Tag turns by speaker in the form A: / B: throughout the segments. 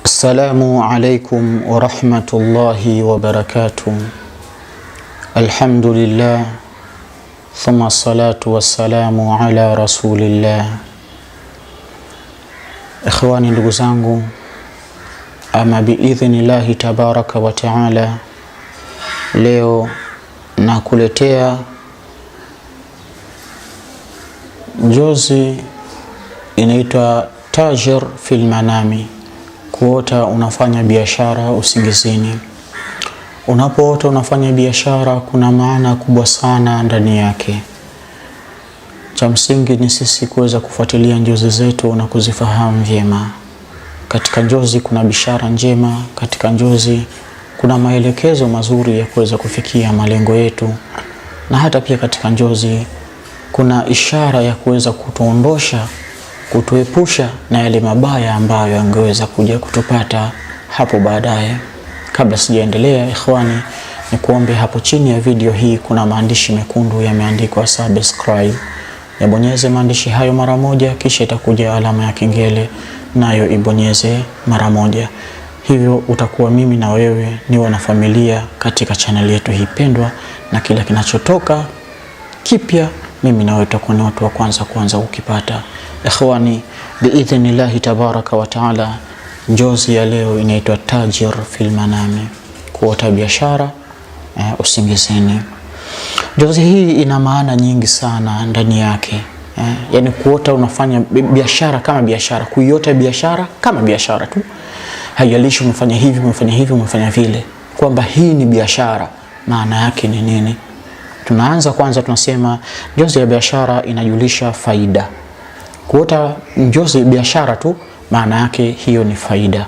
A: السلام عليكم ورحمة الله وبركاته الحمد لله ثم الصلاة والسلام على رسول الله إخواني لغزانكم أما بإذن الله تبارك وتعالى leo nakuletea jozi inaitwa tajir في manami Kuota unafanya biashara usingizini. Unapoota unafanya biashara, kuna maana kubwa sana ndani yake. Cha msingi ni sisi kuweza kufuatilia njozi zetu na kuzifahamu vyema. Katika njozi kuna bishara njema, katika njozi kuna maelekezo mazuri ya kuweza kufikia malengo yetu, na hata pia katika njozi kuna ishara ya kuweza kutuondosha kutuepusha na yale mabaya ambayo yangeweza kuja kutupata hapo baadaye. Kabla sijaendelea, ikhwani, ni kuombe hapo chini ya video hii kuna maandishi mekundu yameandikwa subscribe, yabonyeze maandishi hayo mara moja, kisha itakuja alama ya kengele, nayo ibonyeze mara moja. Hivyo utakuwa mimi na wewe ni wanafamilia katika chaneli yetu hii pendwa, na kila kinachotoka kipya, mimi na wewe tutakuwa ni watu wa kwanza kuanza kukipata. Ikhwani, biidhnillahi tabaraka wa taala, njozi ya leo inaitwa tajir fil manami, kuota biashara eh, usingizini. Njozi hii ina maana nyingi sana ndani yake eh, yani kuota unafanya biashara kama biashara, kuiota biashara kama biashara tu, haijalishi umefanya hivi umefanya hivi umefanya vile, kwamba hii ni biashara. Maana yake ni nini? Tunaanza kwanza, tunasema njozi ya biashara inajulisha faida Kuota njozi biashara tu maana yake hiyo ni faida,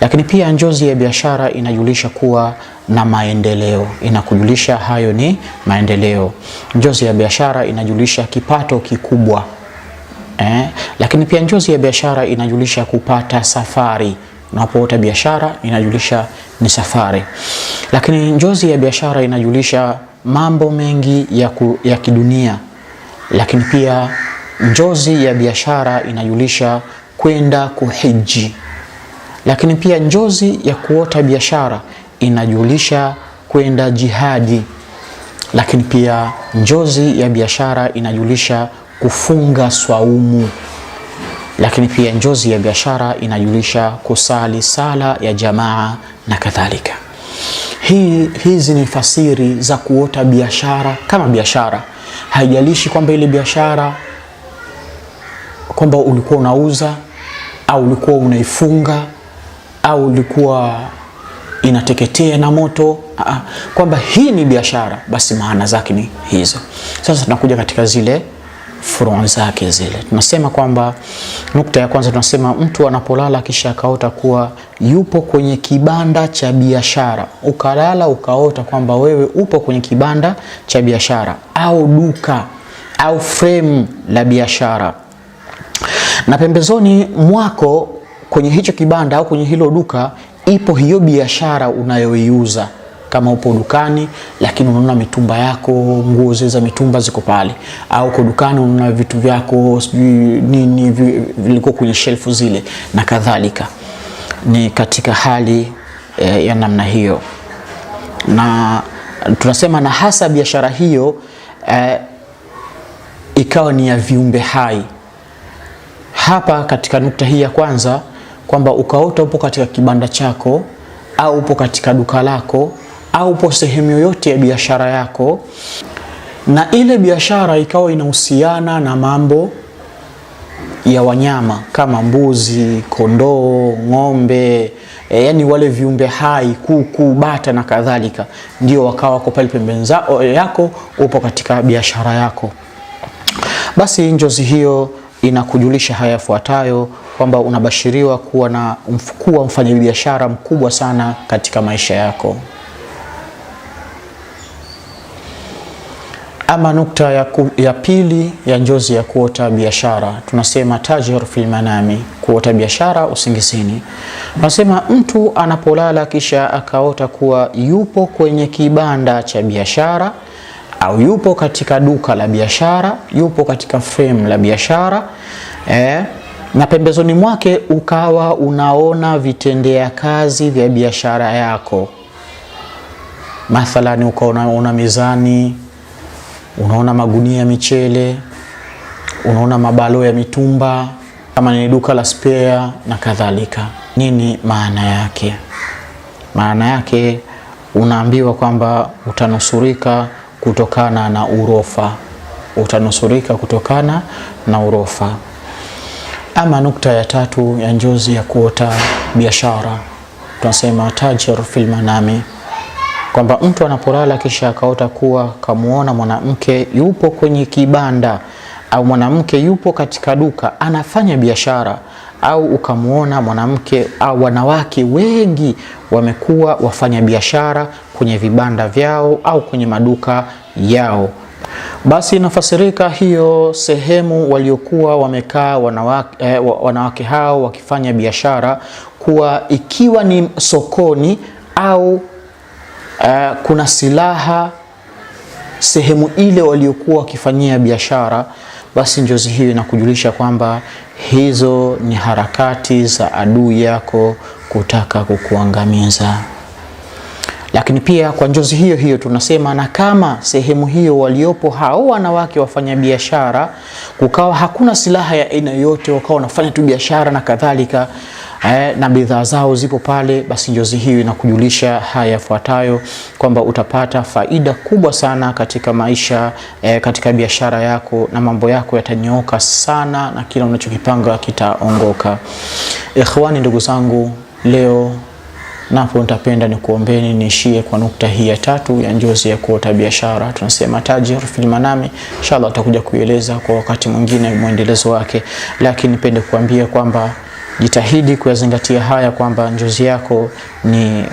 A: lakini pia njozi ya biashara inajulisha kuwa na maendeleo, inakujulisha hayo ni maendeleo. Njozi ya biashara inajulisha kipato kikubwa eh? Lakini pia njozi ya biashara inajulisha kupata safari. Unapoota biashara inajulisha ni safari, lakini njozi ya biashara inajulisha mambo mengi ya, ku, ya kidunia, lakini pia Njozi ya biashara inajulisha kwenda kuhiji, lakini pia njozi ya kuota biashara inajulisha kwenda jihadi, lakini pia njozi ya biashara inajulisha kufunga swaumu, lakini pia njozi ya biashara inajulisha kusali sala ya jamaa na kadhalika. Hii, hizi ni fasiri za kuota biashara kama biashara, haijalishi kwamba ile biashara kwamba ulikuwa unauza au ulikuwa unaifunga au ulikuwa inateketea na moto, kwamba hii ni biashara, basi maana zake ni hizo. Sasa tunakuja katika zile furuu zake zile. Tunasema kwamba nukta ya kwanza tunasema mtu anapolala kisha akaota kuwa yupo kwenye kibanda cha biashara. Ukalala ukaota kwamba wewe upo kwenye kibanda cha biashara au duka au fremu la biashara na pembezoni mwako kwenye hicho kibanda au kwenye hilo duka ipo hiyo biashara unayoiuza kama upo dukani lakini unaona mitumba yako, nguo zile za mitumba ziko pale, au uko dukani unaona vitu vyako sijui nini vilikuwa kwenye shelfu zile na kadhalika. Ni katika hali e, ya namna hiyo, na tunasema na hasa biashara hiyo e, ikawa ni ya viumbe hai hapa katika nukta hii ya kwanza kwamba ukaota upo katika kibanda chako au upo katika duka lako au upo sehemu yoyote ya biashara yako na ile biashara ikawa inahusiana na mambo ya wanyama kama mbuzi, kondoo, ng'ombe, e, yani wale viumbe hai, kuku, bata na kadhalika, ndio wakawa wako pale pembeni yako, upo katika biashara yako. Basi njozi hiyo inakujulisha haya yafuatayo kwamba unabashiriwa kuwa na kuwa mfanyabiashara mkubwa sana katika maisha yako. Ama nukta ya, ku, ya pili ya njozi ya kuota biashara tunasema tajir fil manami, kuota biashara usingizini. Tunasema mtu anapolala kisha akaota kuwa yupo kwenye kibanda cha biashara au yupo katika duka la biashara, yupo katika frame la biashara eh, na pembezoni mwake ukawa unaona vitendea kazi vya biashara yako, mathalani ukaona una mizani, unaona magunia ya michele, unaona mabalo ya mitumba, kama ni duka la spare na kadhalika. Nini maana yake? Maana yake unaambiwa kwamba utanusurika kutokana na urofa, utanusurika kutokana na urofa. Ama nukta ya tatu ya njozi ya kuota biashara, tunasema tajir fil manami, kwamba mtu anapolala kisha akaota kuwa kamuona mwanamke yupo kwenye kibanda au mwanamke yupo katika duka anafanya biashara, au ukamwona mwanamke au wanawake wengi wamekuwa wafanya biashara kwenye vibanda vyao au kwenye maduka yao. Basi inafasirika hiyo sehemu waliokuwa wamekaa wanawake, eh, wanawake hao wakifanya biashara kuwa ikiwa ni sokoni au eh, kuna silaha sehemu ile waliokuwa wakifanyia biashara, basi njozi hiyo inakujulisha kwamba hizo ni harakati za adui yako kutaka kukuangamiza. Lakini pia kwa njozi hiyo hiyo tunasema, na kama sehemu hiyo waliopo hao wanawake wafanyabiashara, kukawa hakuna silaha ya aina yoyote, wakawa wanafanya tu biashara na kadhalika eh, na bidhaa zao zipo pale, basi njozi hiyo inakujulisha haya yafuatayo kwamba utapata faida kubwa sana katika maisha eh, katika biashara yako na mambo yako yatanyooka sana na kila unachokipanga kitaongoka. Ikhwani, ndugu zangu, leo Napo nitapenda nikuombeni niishie kwa nukta hii ya tatu ya njozi ya kuota biashara, tunasema tajir fil manami. Inshallah atakuja kuieleza kwa wakati mwingine mwendelezo wake, lakini nipende kuambia kwamba jitahidi kuyazingatia haya, kwamba njozi yako ni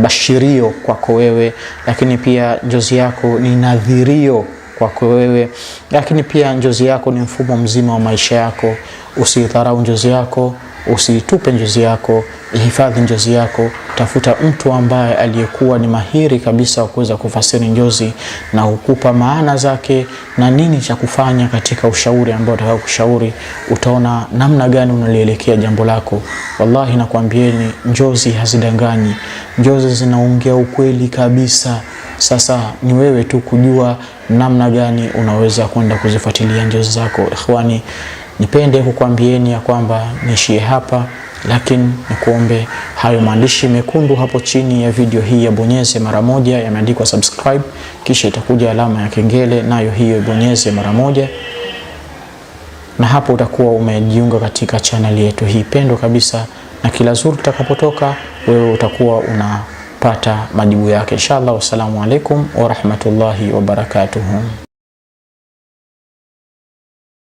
A: bashirio kwako wewe, lakini pia njozi yako ni nadhirio kwako wewe, lakini pia njozi yako ni mfumo mzima wa maisha yako. Usidharau njozi yako, usitupe njozi yako, hifadhi njozi yako. Tafuta mtu ambaye aliyekuwa ni mahiri kabisa wa kuweza kufasiri njozi na kukupa maana zake na nini cha kufanya katika ushauri ambao utakao kushauri, utaona namna gani unalielekea jambo lako. Wallahi nakwambieni, njozi hazidanganyi, njozi zinaongea ukweli kabisa. Sasa ni wewe tu kujua namna gani unaweza kwenda kuzifuatilia njozi zako. Ikhwani, nipende kukwambieni ya kwamba niishie hapa, lakini nikuombe hayo maandishi mekundu hapo chini ya video hii yabonyeze mara moja, yameandikwa subscribe, kisha itakuja alama ya kengele, nayo hiyo ibonyeze mara moja na hapo utakuwa umejiunga katika chaneli yetu hii pendwa kabisa, na kila zuri tutakapotoka, wewe utakuwa una kupata majibu yake inshallah. Wassalamu alaikum warahmatullahi wabarakatuhu.